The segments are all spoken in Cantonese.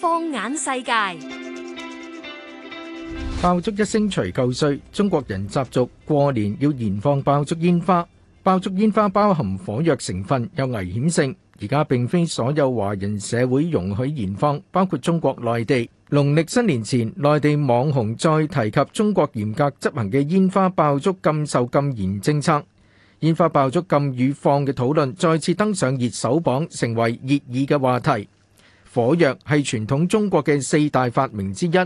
放眼世界，爆竹一聲除舊歲。中國人習俗過年要燃放爆竹煙花，爆竹煙花包含火藥成分，有危險性。而家並非所有華人社會容許燃放，包括中國內地。農曆新年前，內地網紅再提及中國嚴格執行嘅煙花爆竹禁售禁燃政策。煙花爆竹禁與放嘅討論再次登上熱搜榜，成為熱議嘅話題。火藥係傳統中國嘅四大發明之一，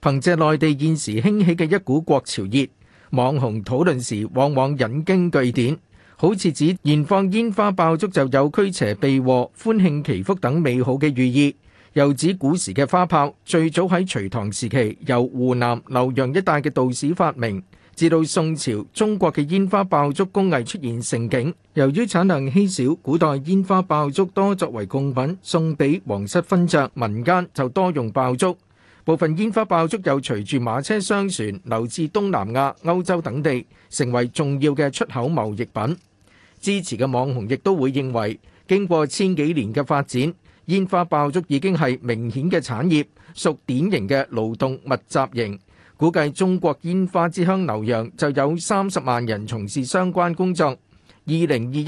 憑借內地現時興起嘅一股國潮熱，網紅討論時往往引經據典，好似指燃放煙花爆竹就有驅邪避禍、歡慶祈福等美好嘅寓意，又指古時嘅花炮最早喺隋唐時期由湖南瀏陽一帶嘅道士發明。直到宋朝，中國的煙花暴族公益出現盛景。由於產能稀少，古代煙花暴族多作為供品，宋筆，王室分釈，民間，就多用暴族。部分煙花暴族又隨着馬車商船，流至東南亞、歐洲等地，成為重要的出口謀役品。支持的網紅亦都會認為，經過千幾年的發展，煙花暴族已經是明顯的產業，熟典型的勞動密集型。估計中國煙花之鄉瀏陽就有30萬人從事相關工作2021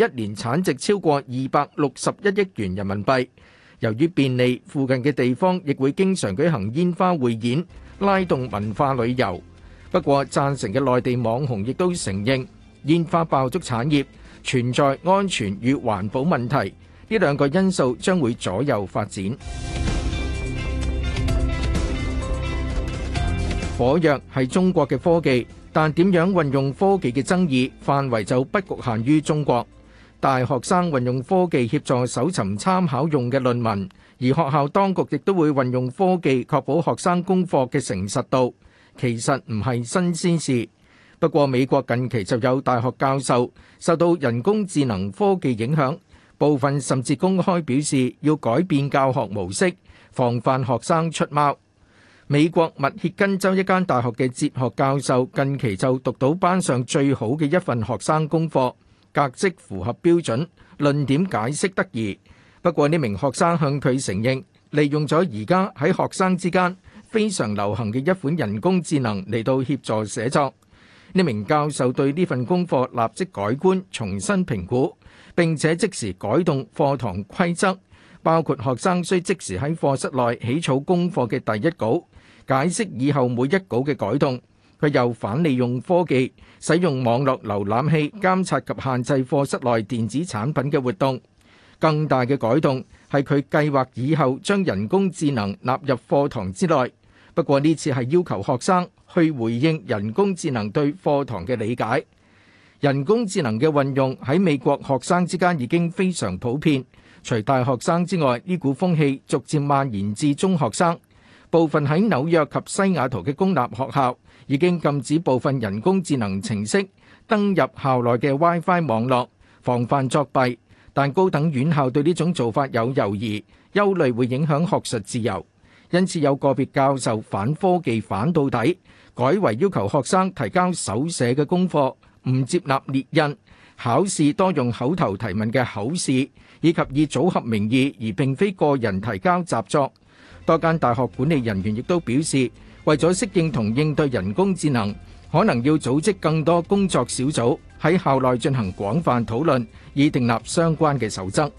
火藥係中國嘅科技，但點樣運用科技嘅爭議範圍就不局限於中國。美國密歇根州一間大學嘅哲學教授近期就讀到班上最好嘅一份學生功課，格式符合標準，論點解釋得宜。不過呢名學生向佢承認，利用咗而家喺學生之間非常流行嘅一款人工智能嚟到協助寫作。呢名教授對呢份功課立即改觀，重新評估，並且即時改動課堂規則。包括學生需即時喺課室內起草功課嘅第一稿，解釋以後每一稿嘅改動。佢又反利用科技，使用網絡瀏覽器監察及限制課室內電子產品嘅活動。更大嘅改動係佢計劃以後將人工智能納入課堂之內。不過呢次係要求學生去回應人工智能對課堂嘅理解。人工智能嘅運用喺美國學生之間已經非常普遍。除大學生之外，呢股風氣逐漸蔓延至中學生。部分喺紐約及西雅圖嘅公立學校已經禁止部分人工智能程式登入校內嘅 WiFi 網絡，防範作弊。但高等院校對呢種做法有猶疑，憂慮會影響學術自由。因此有個別教授反科技反到底，改為要求學生提交手寫嘅功課，唔接納列印。考試多用口頭提問嘅口試，以及以組合名義而並非個人提交習作。多間大學管理人員亦都表示，為咗適應同應對人工智能，可能要組織更多工作小組，喺校內進行廣泛討論，以訂立相關嘅守則。